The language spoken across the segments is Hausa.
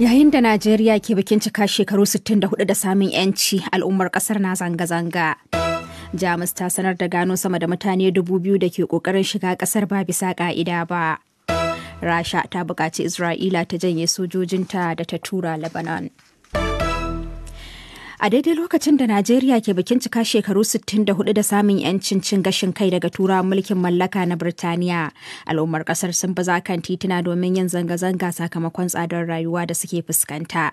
Yayin da Najeriya ke bikin cika shekaru 64 da samun 'yanci al'ummar kasar na zanga-zanga. Jamus ta sanar da gano sama da mutane dubu biyu da ke ƙoƙarin shiga ƙasar ba bisa ƙa'ida ba. Rasha ta buƙaci Isra'ila ta janye sojojinta da ta tura Lebanon. A daidai lokacin da Najeriya ke bikin cika shekaru 64 da samun 'yancin cin gashin kai daga turawan mulkin mallaka na Birtaniya, al'ummar kasar sun baza kan tituna domin yin zanga-zanga sakamakon tsadar rayuwa da suke fuskanta.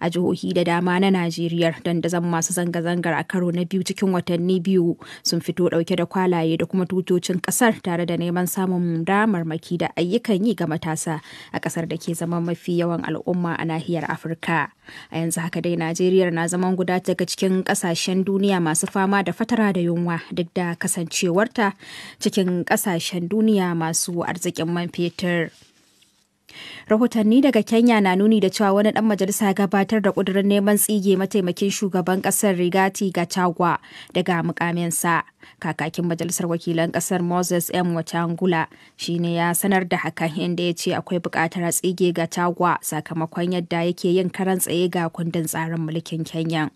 a jihohi da dama na najeriya don dandazon masu zanga-zangar a karo na biyu cikin watanni biyu sun fito dauke da kwalaye da kuma tutocin kasar tare da neman samun damarmaki da ayyukan yi ga matasa a kasar da ke zama mafi yawan al'umma a nahiyar afirka a yanzu haka dai najeriya na zaman guda daga cikin kasashen duniya masu fama da fatara da yunwa duk da kasancewarta cikin kasashen duniya masu arzikin man fetur. rahotanni daga kenya na nuni da cewa wani dan majalisa ya gabatar da kudirin neman tsige mataimakin shugaban kasar rigati ga cagwa daga mukaminsa kakakin majalisar wakilan kasar moses m watangula ne ya sanar da haka inda ya ce akwai buƙatar tsige ga tagwa sakamakon yadda yake yin karan tsaye ga kundin tsarin mulkin kenya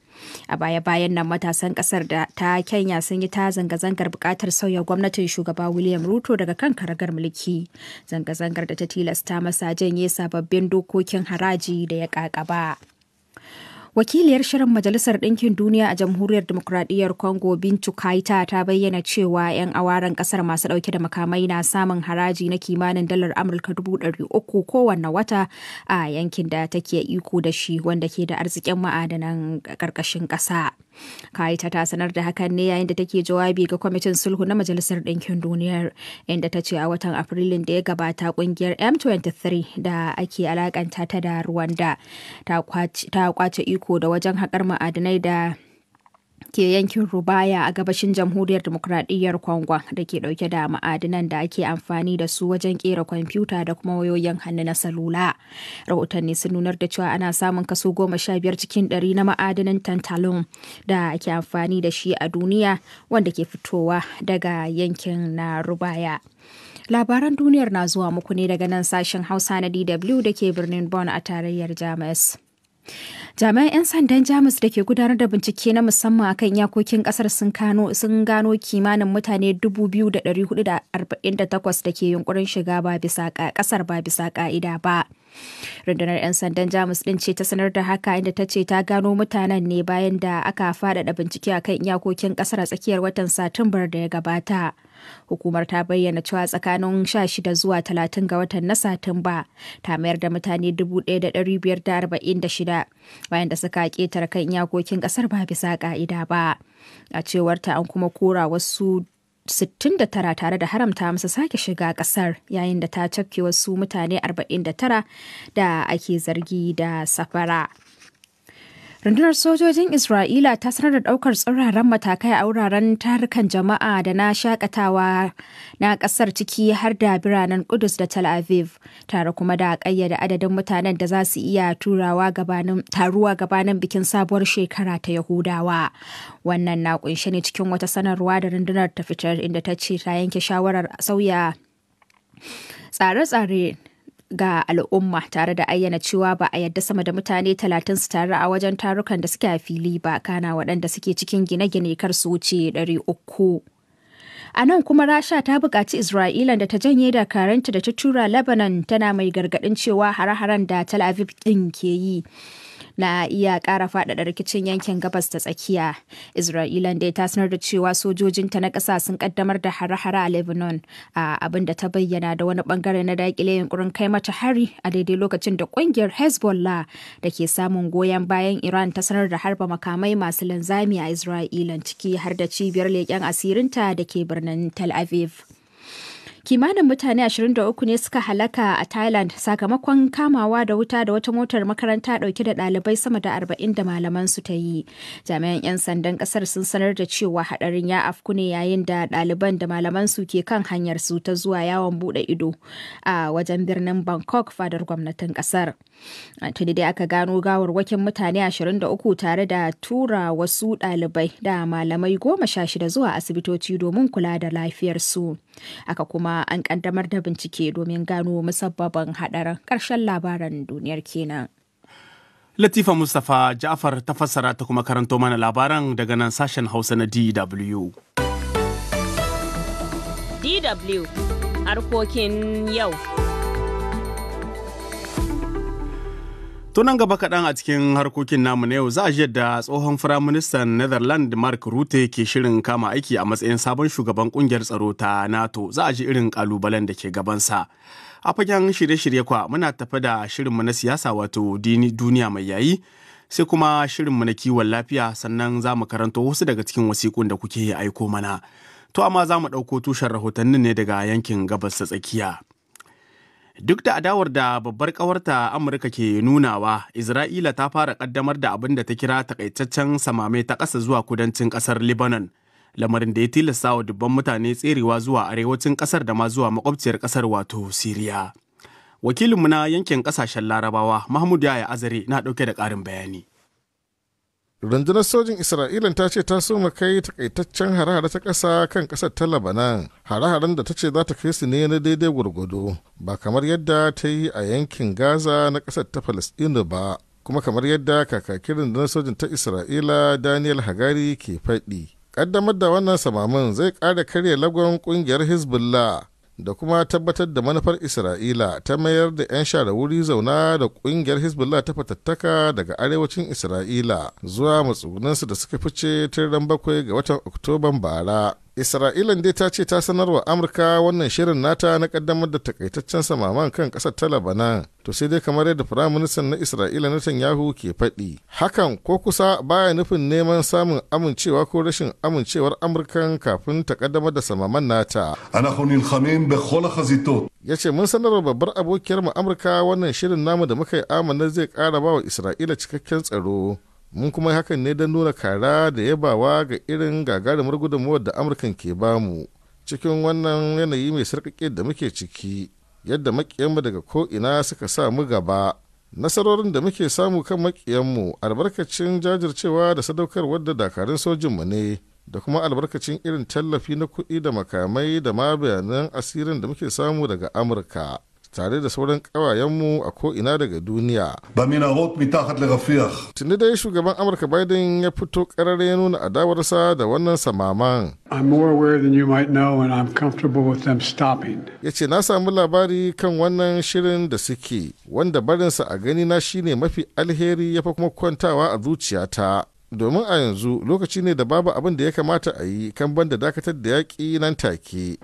a baya-bayan nan matasan kasar da ta kenya sun yi ta zanga-zangar buƙatar sauya gwamnatin shugaba william ruto daga kan karagar mulki zanga-zangar da ta tilasta masa janye sababbin dokokin haraji da ya ƙaƙaba. Wakiliyar shirin Majalisar Ɗinkin Duniya a Jamhuriyar demokuraɗiyyar Congo Bintu Kaita ta bayyana cewa 'yan awaren ƙasar masu ɗauke da makamai na samun haraji na kimanin dalar Amurka dubu ɗari kowanne wata a yankin da take iko da shi wanda ke da arzikin ma'adanan ƙarƙashin ƙasa. Kaita ta sanar da hakan ne yayin da take jawabi ga kwamitin sulhu na Majalisar Ɗinkin Duniyar inda ta ce a watan Afrilun da ya gabata kungiyar M23 da ake alakanta ta da Rwanda ta kwace iko da wajen haƙar ma'adanai da ke yankin Rubaya a gabashin Jamhuriyar Demokradiyyar Kongo da ke dauke da ma'adinan da ake amfani da su wajen kera kwamfuta da kuma wayoyin hannu na salula. Rahotanni sun nunar da cewa ana samun kaso goma sha biyar cikin ɗari na ma'adinan tantalum da ake amfani da shi a duniya wanda ke fitowa daga yankin na Rubaya. Labaran duniyar na zuwa muku ne daga nan sashen Hausa na DW da ke birnin bon a tarayyar Jamus. jami'an 'yan sandan jamus da ke gudanar da bincike na musamman akan iyakokin kasar sun gano sun gano kimanin mutane 2,448 da ke yunkurin shiga ba bisa kasar ba bisa ka'ida ba rundunar 'yan sandan jamus din ce ta sanar da haka inda ta ce ta gano mutanen ne bayan da aka faɗaɗa bincike akan iyakokin kasar a tsakiyar watan satumbar da ya gabata Hukumar ta bayyana cewa tsakanin 16 zuwa 30 ga watan na Satumba ta mayar da mutane 1,546 bayan da suka ketar kan iyakokin kasar ba bisa ka'ida ba. A cewar ta an kuma kora wasu 69 tare da haramta masa sake shiga kasar yayin da ta cafke wasu mutane 49 da ake zargi da safara. rundunar sojojin isra'ila ta sanar da ɗaukar tsauraran matakai a wuraren tarukan jama'a da na shakatawa na ƙasar ciki har da biranen kudus da tel aviv tare kuma da ƙayyada adadin mutanen da za su iya turawa gabanin taruwa gabanin bikin sabuwar shekara ta yahudawa wannan na kunshe ne cikin wata sanarwa da rundunar ta fitar inda ta ce ta yanke shawarar sauya tsare-tsare ga al'umma tare da ayyana cewa ba a yadda sama da mutane talatin su taru a wajen tarukan da suke a fili ba kana waɗanda suke cikin gine-gine kar su wuce ɗari uku. A nan kuma Rasha ta buƙaci Isra'ila da ta janye karanta da ta tura Lebanon tana mai gargaɗin cewa hare-haren da Tel Aviv ɗin ke yi na iya kara faɗaɗa rikicin yankin gabas ta tsakiya. isra'ila dai ta sanar da cewa sojojinta na ƙasa sun ƙaddamar da hare-hare a Lebanon a abin da ta bayyana da wani bangare na daƙile yunkurin kai mata hari a daidai lokacin da ƙungiyar Hezbollah da ke samun goyon bayan Iran ta sanar da harba makamai masu linzami a isra'ila ciki har da cibiyar leƙen asirinta da ke birnin Tel Aviv. kimanin mutane 23 ne suka halaka a thailand sakamakon kamawa da wuta da wata motar makaranta dauke da dalibai sama da 40 da malaman su ta yi jami'an 'yan sandan kasar sun sanar da cewa hadarin ya afku ne yayin da ɗaliban da malaman su ke kan hanyar su ta zuwa yawon bude ido a wajen birnin bangkok fadar gwamnatin kasar tuni dai aka gano gawarwakin mutane 23 tare da tura wasu ɗalibai da malamai goma sha shida zuwa asibitoci domin kula da lafiyarsu aka kuma an ƙaddamar da bincike domin gano musabbabin haɗarin karshen labaran duniyar kenan Latifa Mustapha Ja'far ta fassara ta kuma karanto mana labaran daga nan sashen Hausa na DW. DW harkokin yau. Tunan gaba kaɗan a cikin harkokin namu na yau za a ji yadda tsohon firaministan netherland Mark Rutte ke shirin kama aiki a matsayin sabon shugaban kungiyar tsaro ta NATO za a ji irin kalubalen da ke gabansa. A fagen shirye-shirye kwa muna tafi da shirinmu na siyasa wato duniya mai yayi sai kuma shirinmu na kiwon lafiya sannan za mu karanto wasu daga cikin wasikun da kuke aiko mana. To amma za mu ɗauko tushen rahotannin ne daga yankin gabas ta tsakiya. Duk da adawar da babbar kawarta Amurka ke nunawa, Isra'ila ta fara kaddamar da abin da ta kira takaitaccen samame ta ƙasa zuwa kudancin ƙasar Lebanon. Lamarin da ya tilasta wa dubban mutane tserewa zuwa arewacin ƙasar da ma zuwa makwabciyar ƙasar wato Siriya. Wakilinmu na yankin ƙasashen Larabawa, Mahmud Yaya Azare na ɗauke da ƙarin bayani. rundunar sojin isra'ilan ta ce ta soma kai takaitaccen hare-hare ta ƙasa kan ƙasar ta labanan hare-haren da ta ce za ta kai su ne na daidai gwargwado ba kamar yadda ta yi a yankin gaza na ƙasar ta falasɗinu ba kuma kamar yadda kakakin rundunar sojin ta isra'ila daniel hagari ke faɗi ƙaddamar da wannan samamin zai ƙara karya lagon ƙungiyar hezbollah da kuma tabbatar da manufar isra'ila ta mayar da 'yan shara wuri zauna da kungiyar hezbollah ta fatattaka daga arewacin isra'ila zuwa matsugunansu da suka fice tun ran bakwai ga watan oktoban bara isra'ila dai ta ce ta sanarwa amurka wannan shirin nata na kaddamar da takaitaccen samaman kan kasar ta labana to sai dai kamar yadda firaministan na isra'ila yahu ke faɗi hakan ko kusa baya nufin neman samun amincewa ko rashin amincewar amurkan kafin ta kaddamar da samaman nata ya ce mun sanarwa babbar abokiyar mu amurka wannan shirin namu da muka yi amana zai kara ba wa isra'ila cikakken tsaro mun kuma hakan ne don nuna kara da yabawa ga irin gagarumar gudunmuwar da amurkan ke bamu cikin wannan yanayi mai sarƙaƙe da muke ciki yadda makiyanmu daga ko'ina suka sa mu gaba nasarorin da muke samu kan makiyanmu albarkacin jajircewa da sadaukarwar da dakarun sojinmu ne da kuma albarkacin irin tallafi na kuɗi da makamai da ma bayanan asirin da muke samu daga amurka tare da sauran ƙawayenmu a ko'ina daga duniya. ta mitahad rafiya. Tunda dai shugaban Amurka Biden ya fito karar ya nuna adawarsa da wannan samaman. I'm more aware than you might know and I'm comfortable with them stopping. Ya ce na samu labari kan wannan shirin da suke wanda barinsa a gani na shine mafi alheri ya fa kuma kwantawa a zuciyata. domin a yanzu lokaci ne da babu abin da ya kamata a yi kan da dakatar da yaƙi nan take.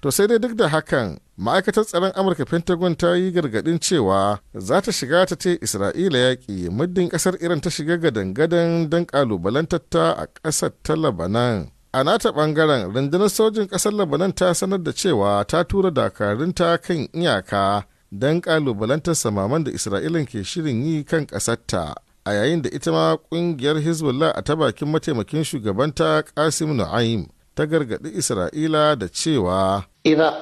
To sai dai duk da hakan ma'aikatar tsaron Amurka Pentagon ta yi gargaɗin cewa za ta shiga ta ce Isra'ila yaƙi muddin ƙasar Iran ta shiga gadan-gadan don ƙalubalantar a ƙasar ta Labanan. a nata ɓangaren rundunar sojin ƙasar labanan ta sanar da cewa ta tura dakarunta kan iyaka don kalubalantar samaman da isra'ilan ke shirin yi kan ƙasarta a yayin da ita ma ƙungiyar hezbollah a ta bakin mataimakin shugabanta kasim nu'aim ta gargaɗi isra'ila da cewa idan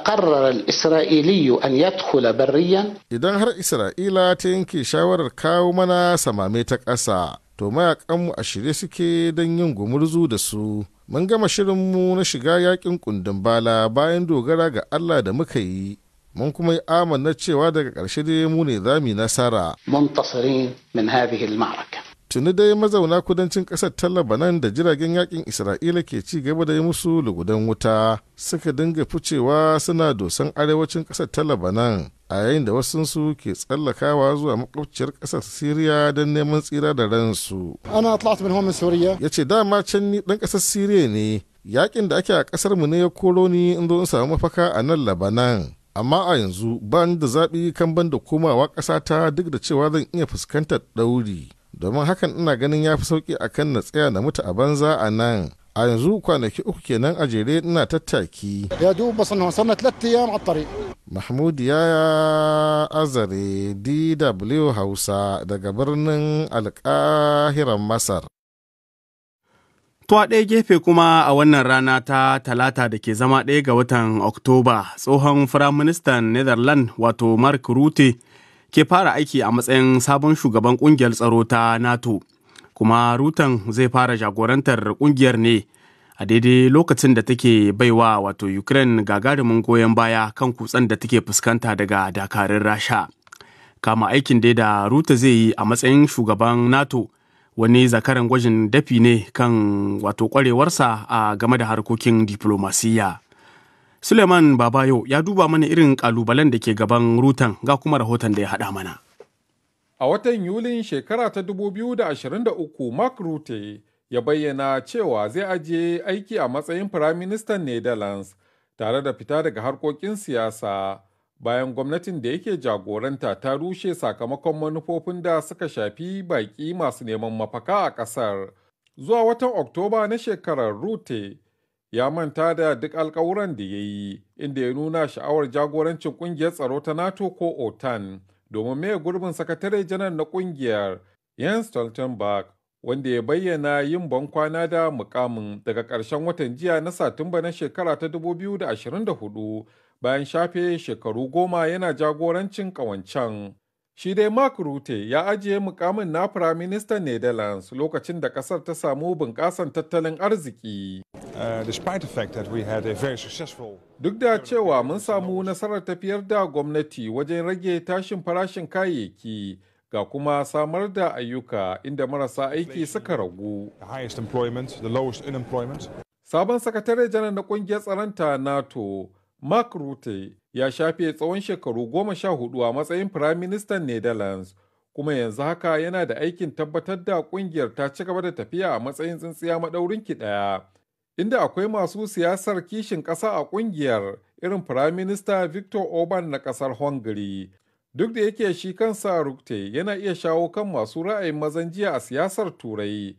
har isra'ila ta yanke shawarar ta yanke shawarar ta mana ta ƙasa to mayakanmu a shirye suke don yin gumurzu da su mun gama shirinmu na shiga yakin kundin bala bayan dogara ga Allah da muka yi mun kuma yi amana cewa daga ƙarshe dai mu ne za mu nasara. Muntasirin min hadhihi al maraka Tuni dai mazauna kudancin ƙasar ta Lebanon da jiragen yakin Isra'ila ke ci gaba da yi musu lugudan wuta suka dinga ficewa suna dosan arewacin ƙasar ta Lebanon a yayin da wasunsu ke tsallakawa zuwa makwabciyar ƙasar Siriya don neman tsira da ransu. Ana tlat min homin Suriya. Ya ce dama can ni ɗan ƙasar Siriya ne yakin da ake a ƙasar mu ne ya koro ni in zo in samu mafaka a nan Lebanon. amma a yanzu ba da zaɓi kan ban da komawa ta duk da cewa zan iya fuskantar ɗauri domin hakan ina ganin ya fi sauƙi a kan na tsaya na mutu a banza a nan a yanzu kwanaki uku kenan a jere ina tattaki ya duba ya mahmud ya azare dw hausa daga birnin alƙahiran masar To a ɗaya gefe kuma a wannan rana ta talata da ke zama ɗaya ga watan Oktoba tsohon Firaministan Netherlands wato Mark Rutte ke fara aiki a matsayin sabon shugaban ƙungiyar tsaro ta NATO. Kuma Rutan zai fara jagorantar ƙungiyar ne a daidai lokacin da take baiwa wato Ukraine gagarumin goyon baya kan kutsen da take fuskanta daga dakarun Rasha. Kama aikin dai da Ruta zai yi a matsayin shugaban NATO. wani zakaran gwajin dafi ne kan wato kwarewarsa a game da harkokin diflomasiyya. Suleiman Babayo ya duba mana irin kalubalen da ke gaban rutan ga kuma rahoton da ya haɗa mana. A watan Yulin shekara ta 2023 Mark Rutte ya bayyana cewa zai ajiye aiki a matsayin Firaministan Netherlands tare da fita daga harkokin siyasa. bayan gwamnatin da yake jagoranta ta rushe sakamakon manufofin da suka shafi baƙi masu neman mafaka a ƙasar. Zuwa watan Oktoba na shekarar Rute, ya manta da duk alkawuran da ya yi, inda ya nuna sha'awar jagorancin ƙungiyar tsaro ta NATO ko OTAN, domin mai gurbin sakatare janar na ƙungiyar yan Stoltenberg, wanda ya bayyana yin ban kwana da mukamin daga ƙarshen watan jiya na Satumba na shekara ta 2024 bayan shafe shekaru goma yana jagorancin ƙawancen. Shi dai Mark Rutte ya ajiye mukamin na Firaministan Netherlands lokacin da ƙasar ta samu bunƙasan tattalin arziki. Uh, Duk da cewa mun samu nasarar tafiyar da gwamnati wajen rage tashin farashin kayayyaki ga kuma samar da ayyuka inda marasa aiki suka ragu. Sabon sakatare janar na ƙungiyar tsaronta NATO Mark Rutte ya shafe tsawon shekaru goma sha hudu a matsayin Firaministan Netherlands kuma yanzu haka yana da aikin tabbatar da kungiyar ta ci gaba da tafiya a matsayin tsintsiya maɗaurin ki ɗaya. Inda akwai masu siyasar kishin ƙasa a kungiyar irin Firaminista Victor Orban na ƙasar Hungary. Duk da yake shi kansa Rutte yana iya shawo kan masu ra'ayin mazan jiya a siyasar Turai.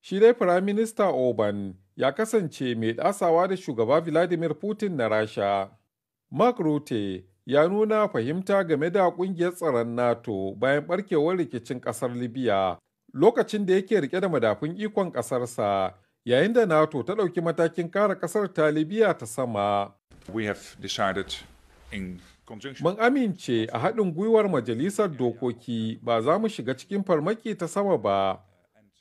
Shi dai Firaminista Orban ya kasance mai ɗasawa da shugaba Vladimir Putin na Rasha. Mark Rutte ya nuna fahimta game da ƙungiyar tsaron NATO bayan ɓarkewar rikicin ƙasar Libya lokacin da yake rike da madafun ikon ƙasarsa yayin da NATO ta ɗauki matakin kare ƙasar ta Libya ta sama. Mun amince a haɗin gwiwar majalisar dokoki ba za mu shiga cikin farmaki ta sama ba.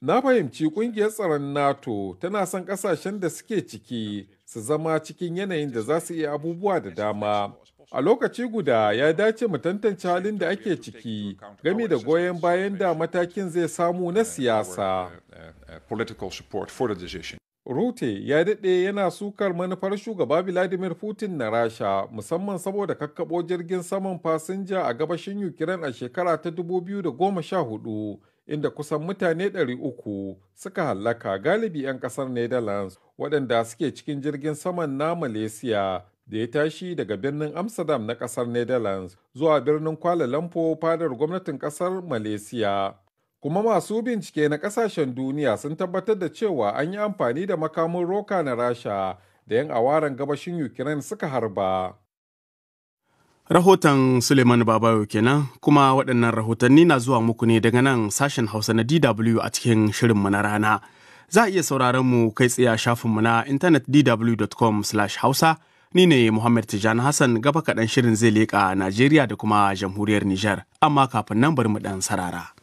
Na fahimci kungiyar tsaron NATO tana son kasashen da suke ciki su zama cikin yanayin da za su iya abubuwa da dama. A lokaci guda ya dace mu tantance halin da ake ciki game da goyon bayan da matakin zai samu na siyasa. Rute ya daɗe yana sukar manufar shugaba Vladimir Putin na Rasha musamman saboda kakkaɓo jirgin saman fasinja a gabashin Ukraine a shekara ta 2014. inda kusan mutane 300 suka hallaka galibi 'yan kasar Netherlands waɗanda suke cikin jirgin saman na Malaysia da ya tashi daga birnin Amsterdam na kasar Netherlands zuwa birnin Kuala lampo fadar gwamnatin kasar Malaysia. Kuma masu bincike na kasashen duniya sun tabbatar da cewa an yi amfani da makamin roka na Rasha da 'yan awaren gabashin Ukraine suka harba. Rahoton Suleiman Babayo kenan kuma waɗannan rahotanni na zuwa muku ne daga nan sashen Hausa na DW a cikin shirin mu na rana. Za a iya sauraron mu kai tsaye a shafinmu na intanet dw.com/hausa ni ne Muhammad Tijani Hassan gaba kaɗan shirin zai leƙa Najeriya da kuma jamhuriyar Nijar amma kafin nan bari mu ɗan sarara.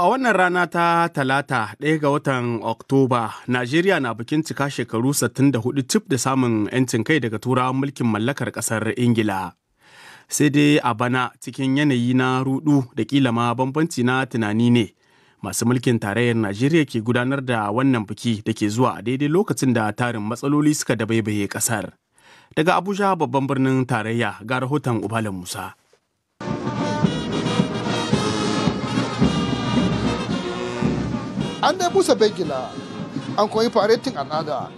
a wannan rana ta talata ɗaya ga watan Oktoba, Najeriya na bikin cika shekaru 64 cif da samun 'yancin kai daga turawan mulkin mallakar ƙasar Ingila. Sai dai a bana cikin yanayi na rudu da kila ma bambanci na tunani ne. Masu mulkin tarayyar Najeriya ke gudanar da wannan biki da ke zuwa a daidai lokacin da tarin matsaloli suka dabaibaye ƙasar. Daga Abuja babban birnin tarayya ga rahoton Musa. an dai busa begila an koyi faretin al'ada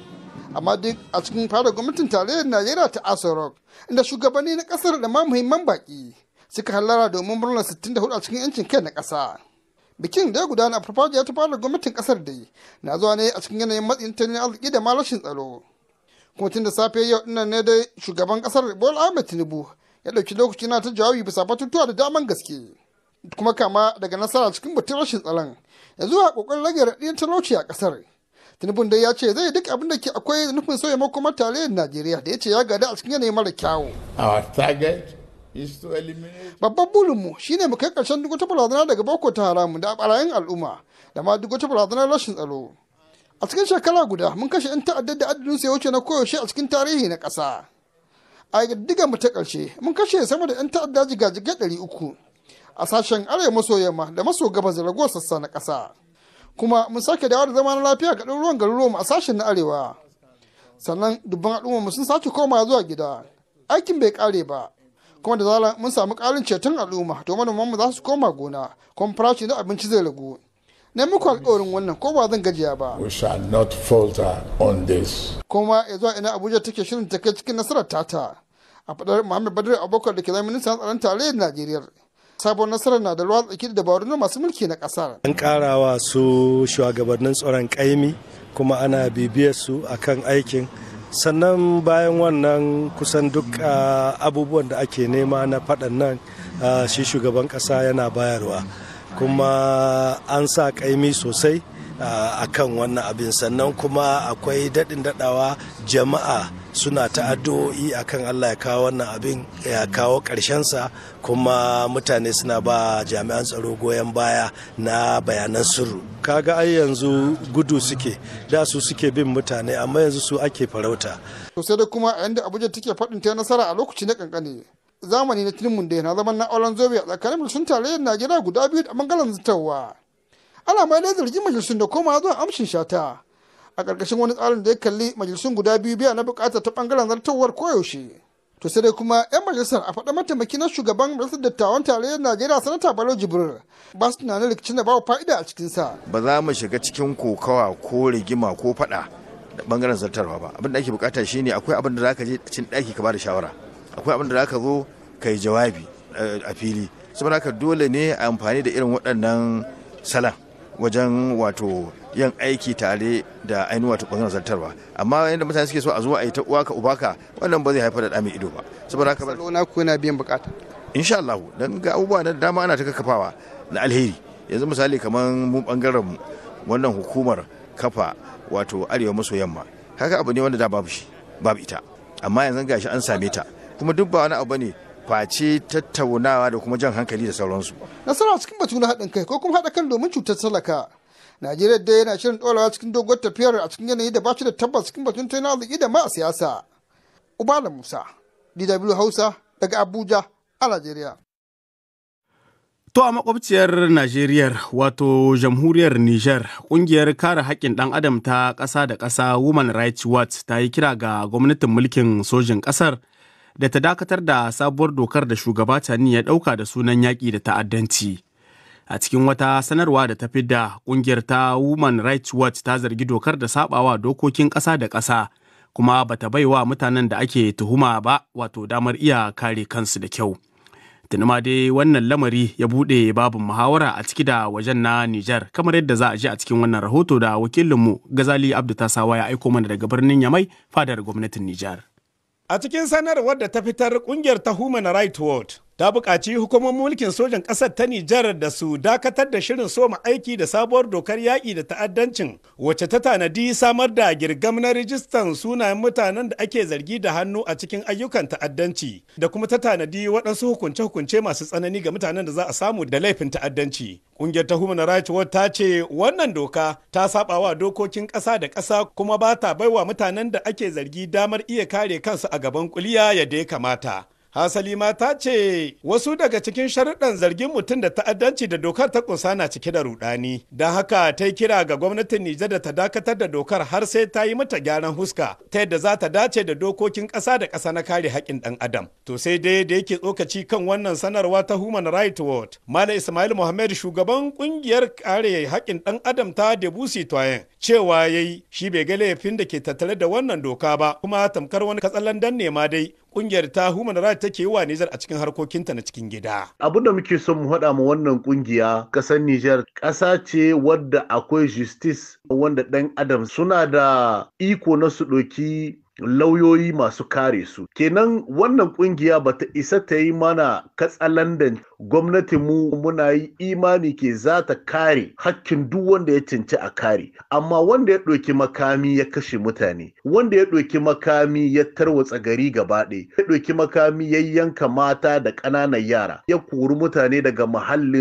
amma duk a cikin fara gwamnatin tarayyar najeriya ta asorok inda shugabanni na kasar da ma muhimman baki suka halara domin murnar 64 a cikin yancin kai na kasa bikin da ya gudana a farfajiya ta fara gwamnatin kasar da na zuwa ne a cikin yanayin matsayin tattalin arziki da ma rashin tsaro kuma tun da safe yau dinnan ne dai shugaban kasar bola ahmed tinubu ya dauki lokaci na ta jawabi bisa batutuwa da daman gaske kuma kama daga nasara cikin batun rashin tsaron ya zuwa kokarin rage raɗin talauci a ƙasar tinubun dai ya ce zai duk abin da ke akwai nufin sauya makomar tarayyar najeriya da ya ce ya gada a cikin yanayi mara kyawu babban burinmu shine mu kai ƙarshen duk wata barazana daga boko ta haramu da barayin al'umma da ma duk wata barazanar rashin tsaro a cikin shekara guda mun kashe 'yan ta'addar da su ya wuce na koyaushe a cikin tarihi na ƙasa a diga mu ta ƙarshe mun kashe sama da 'yan ta'adda jigajigai uku. a sashen arewa maso yamma da maso gabas da ragowar sassa na kasa kuma mun sake dawo da zama na lafiya ga ɗaruruwan garuruwanmu a sashen na arewa sannan dubban al'ummarmu sun sake koma zuwa gida aikin bai kare ba kuma da zarar mun samu karin ceton al'umma to mu za su koma gona kuma farashi na abinci zai ragu na muku alƙawarin wannan ko ba zan gajiya ba. We shall not falter on this. Kuma ya zuwa ina Abuja take shirin ta kai cikin nasarar tata. A faɗar Muhammad Badar Abubakar da ke zai ministan tsaron tarayyar Najeriya. sabon nasarar na da ruwan tsaki da dabarun na masu mulki na kasar an karawa su shugabannin tsoron kaimi kuma ana bibiyar su akan aikin sannan bayan wannan kusan duk abubuwan da ake nema na faɗan nan shi shugaban ƙasa yana bayarwa kuma an sa kaimi sosai a kan wannan abin sannan kuma akwai daɗin daɗawa jama'a suna ta addu'o'i kan Allah ya kawo wannan abin ya kawo sa kuma mutane suna ba jami'an tsaro goyon baya na bayanan sirru kaga ai yanzu gudu suke da su suke bin mutane amma yanzu su ake farauta sosai da kuma a yanda abuja take faɗin ta nasara a lokaci na kankane zamani na tilmun da na zaman na auren zobe a tsakanin mulkin tarayyar najeriya guda biyu a bangaren zitawa ana mai da zargin majalisun da koma zuwa amshin shata a ƙarƙashin wani tsarin da ya kalli majalisun guda biyu biya na bukata ta ɓangaren zartowar koyaushe to sai dai kuma 'yan majalisar a faɗa mataimaki na shugaban majalisar dattawan tarayyar najeriya sanata balo jibril ba su tunanin rikicin da babu fa'ida a sa ba za mu shiga cikin kokawa ko rigima ko faɗa da ɓangaren zartarwa ba abin da ake bukata shine akwai abin da za ka je cin ɗaki ka ba da shawara akwai abin da za ka zo ka yi jawabi eh, a fili saboda haka dole ne a amfani da irin waɗannan salan wajen wato yin aiki tare da ainihin wato ɓangaren zartarwa amma yadda mutane suke so a zuwa a yi ta uwa ka uba wannan ba zai haifar da ɗami ido ba saboda haka ba ku yana biyan bukata insha Allah dan ga abubuwa da dama ana ta kakkafawa na alheri yanzu misali kamar mu bangaren wannan hukumar kafa wato arewa maso yamma haka abu ne wanda da babu shi babu ita amma yanzu gashi an same ta kuma duk ba wani abu ne face tattaunawa da kuma jan hankali da sauransu. Nasara cikin batu na haɗin kai ko kuma haɗa kan domin cutar talaka. Najeriya dai yana shirin ɗorawa cikin doguwar tafiyar a cikin yanayi da ba shi da tabbas cikin batun tattalin arziki da ma a siyasa. Ubala Musa, DW Hausa daga Abuja a Najeriya. To a makwabciyar Najeriya wato jamhuriyar Nijar kungiyar kare haƙƙin ɗan adam ta ƙasa da ƙasa Women Rights Watch ta yi kira ga gwamnatin mulkin sojin ƙasar da ta dakatar da sabuwar dokar da shugaba Tani ya ɗauka da sunan yaƙi da ta'addanci. A cikin wata sanarwa da ta da ƙungiyar ta Women Rights Watch ta zargi dokar da sabawa dokokin ƙasa da ƙasa kuma bata baiwa mutanen da ake tuhuma ba wato damar iya kare kansu da kyau. Tuni dai wannan lamari ya buɗe babin muhawara a ciki da wajen na Nijar kamar yadda za a ji a cikin wannan rahoto da wakilinmu Gazali Abdu Tasawa ya aiko mana daga birnin Yamai fadar gwamnatin Nijar. A cikin sanarwar da ta fitar kungiyar ta Human Rights Watch ta buƙaci hukumar mulkin sojan ƙasar ta Nijar da su dakatar da shirin soma aiki da sabuwar dokar yaƙi da ta'addancin wacce ta tanadi samar da girgam na rijistan sunayen mutanen da ake zargi da hannu a cikin ayyukan ta'addanci da kuma ta tanadi waɗansu hukunce-hukunce masu tsanani ga mutanen da za a samu da laifin ta'addanci. Ƙungiyar ta Human Rights Watch ta ce wannan doka ta saɓa wa dokokin ƙasa da ƙasa kuma ba ta baiwa mutanen da ake zargi damar iya kare kansu a gaban kuliya yadda ya kamata. hasali mata ce wasu daga cikin sharuɗan zargin mutum da ta'addanci da dokar ta kunsa na cike da rudani don haka ta yi kira ga gwamnatin nijar da ta dakatar da dokar har sai ta yi mata gyaran huska ta yadda za ta dace da dokokin ƙasa da ƙasa na kare haƙƙin ɗan adam to sai dai da yake tsokaci kan wannan sanarwa ta human rights watch malam ismail muhammad shugaban ƙungiyar kare haƙƙin ɗan adam ta debusi toyen cewa yayi shi bai ga laifin da ke tattare da wannan doka ba kuma tamkar wani katsalandan ne ma dai kungiyar ta human rights take yi wa Nijar a cikin harkokinta na cikin gida. Abin da muke son mu haɗa ma wannan kungiya ƙasar Nijar ƙasa ce wadda akwai justice wanda ɗan adam suna da iko na su ɗoki lauyoyi masu kare su kenan wannan kungiya ta isa ta yi mana katsalandan gwamnati mu muna yi imani ke za ta kare hakkin duk wanda ya cinci a kare amma wanda ya ɗauki makami ya kashe mutane wanda ya ɗauki makami ya tarwatsa gari gaba ɗaya ya ɗauki makami ya yanka mata da ƙananan yara ya kori mutane daga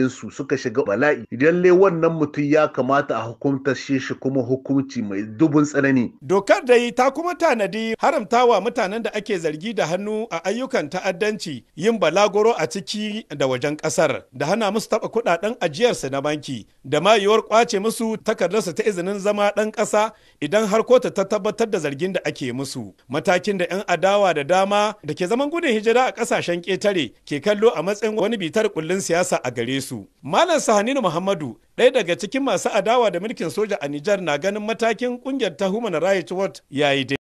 su suka shiga bala'i lallai wannan mutum ya kamata a hukunta shi kuma hukunci mai dubun tsanani dokar da yi ta kuma tanadi haramta haramtawa mutanen da ake zargi da hannu a ayyukan ta'addanci yin balagoro a ciki da wajen kasar da hana musu taɓa kudaden ajiyarsu na banki da ma yiwuwar kwace musu takardarsa ta izinin zama ɗan ƙasa idan har kotu ta tabbatar da zargin da ake musu matakin da 'yan adawa da dama da ke zaman gudun hijira a ƙasashen ketare ke kallo a matsayin wani bitar kullun siyasa a gare su malam sahaninu muhammadu ɗaya daga cikin masu adawa da mulkin soja a nijar na ganin matakin kungiyar ta human rights watch ya yi